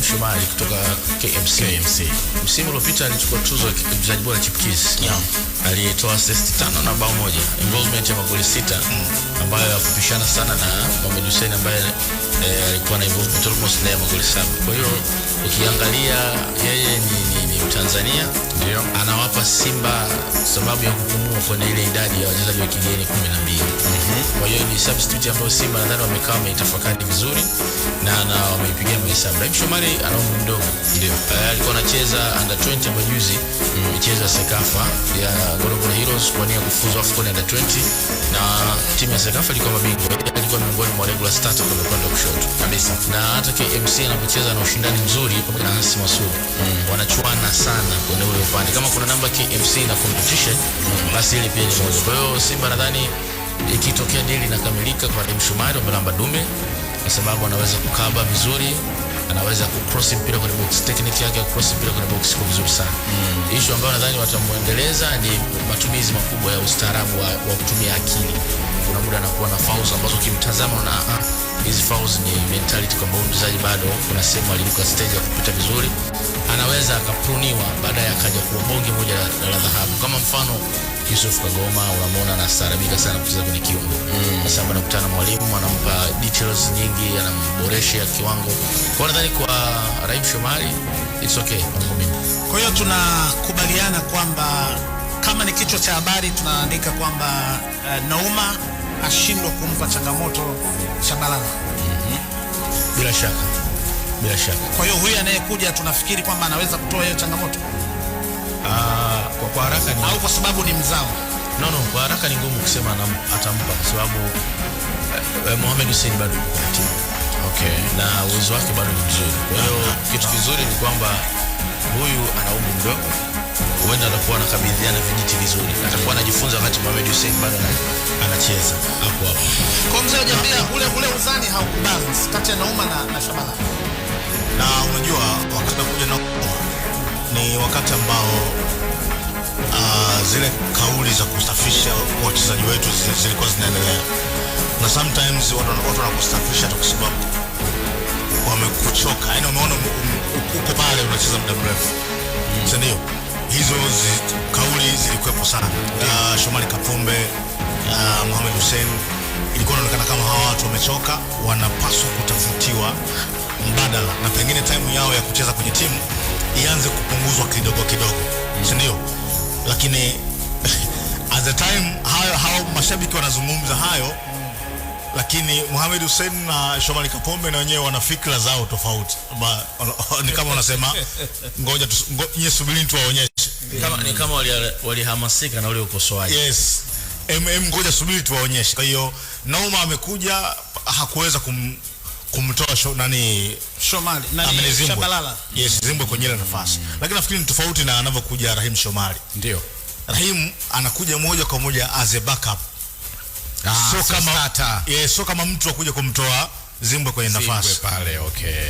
Mshomali kutoka KMC. KMC. Msimu uliopita alichukua tuzo ya mchezaji bora chipukizi. Yeah. Alitoa assist tano na bao moja, involvement ya magoli sita mm. ambayo yakupishana sana na Mohamed Hussein ambaye eh, alikuwa na involvement almost na magoli saba. Kwa hiyo ukiangalia yeye ni, ni, ni Mtanzania ndio. Anawapa Simba sababu ya kupumua kwenye ile idadi ya wachezaji wa kigeni 12. Mm -hmm. Kwa hiyo ni substitute ambayo Simba nadhani wamekaa wameitafakari vizuri na na wameipigia mahesabu. Ibrahim Shomari ana umri mdogo. Ndio. Eh, alikuwa anacheza under 20 ambayo juzi mm. michezo ya Sekafa ya Gorogoro Heroes kwa nia kufuzu AFCON under 20 na timu ya Sekafa ilikuwa mabingwa alikuwa miongoni mwa regular starter kwa upande wa kushoto kabisa, na hata KMC anapocheza na ushindani mzuri pamoja na Hans Masoud. mm. wanachuana sana kwenye ule upande. Kama kuna namba KMC na competition, basi ile pia ni moja. Kwa hiyo Simba nadhani ikitokea deal inakamilika kwa Karim Shumari au namba dume, kwa sababu anaweza kukaba vizuri, anaweza kucross mpira kwenye box, technique yake ya cross mpira kwenye box iko vizuri sana. Mm. Issue ambayo nadhani watamuendeleza ni matumizi makubwa ya ustaarabu wa, wa kutumia akili. Kuna muda anakuwa na fouls ambazo kimtazama na ah, hizi fouls ni mentality kwamba mchezaji bado kuna sehemu aliruka stage ya kupita vizuri, anaweza akapruniwa baada ya kaja kwa bonge moja la la dhahabu. Kama mfano Yusuf Kagoma unamwona anastarabika sana kucheza kwenye kiungo mm. Kwa sababu anakutana na mwalimu anampa details nyingi, anamboresha kiwango. Kwa nadhani kwa Raif Shomari it's okay. Kwa hiyo tunakubaliana kwamba kama ni kichwa cha habari tunaandika kwamba uh, Nauma ashindwa kumpa changamoto Shabalala. mm -hmm. Bila shaka, bila shaka. Kwa hiyo huyu anayekuja tunafikiri kwamba anaweza kutoa hiyo changamoto. Ah, kwa, kwa haraka ni... au kwa sababu ni mzao no, no, kwa haraka ni ngumu kusema na atampa kwa sababu eh, eh, Mohamed Hussein bado yuko kwenye timu okay, na uwezo wake bado ni mzuri. Kwa hiyo ah, ah, kitu kizuri ni kwamba huyu ana umri mdogo, huenda atakuwa anakabidhiana vijiti vizuri, atakuwa anajifunza wakati Mohamed Hussein bado anacheza hapo hapo. Kwa mzee Jambia, ule ule uzani haukubalance kati ya Nauma na, na Shabana na unajua wakati anakuja na ni wakati ambao uh, zile kauli za kustafisha wachezaji wetu zilikuwa zinaendelea, na sometimes watu wanakustafisha tu kwa sababu wamekuchoka, yani wameona uko pale unacheza muda mrefu, mm. si ndio? Hizo kauli zilikuwepo sana. Uh, Shomari Kapombe, uh, Mohamed Hussein, ilikuwa inaonekana kama hawa watu wamechoka, wanapaswa kutafutiwa mbadala na pengine taimu yao ya kucheza kwenye timu ianze kupunguzwa kidogo kidogo, si ndio? Lakini at the time hayo hao mashabiki wanazungumza hayo, lakini Mohamed Hussein na Shomari Kapombe na wenyewe wana fikra zao tofauti. Ni kama wanasema ngoja nyie, subiri tuwaonyeshe. Ni kama walihamasika na ule ukosoaji. Yes, mm. ngoja subiri tuwaonyeshe. Kwa hiyo Nauma amekuja hakuweza kum kumtoa show nani Shomali nani Shabalala yes Zimbwe kwenye ile nafasi mm. Lakini nafikiri ni tofauti na anavyokuja Rahim Shomali, ndio Rahim anakuja moja kwa moja as a backup ah, so kama starter. yes, so kama mtu akuja kumtoa Zimbwe kwenye nafasi Zimbwe pale okay.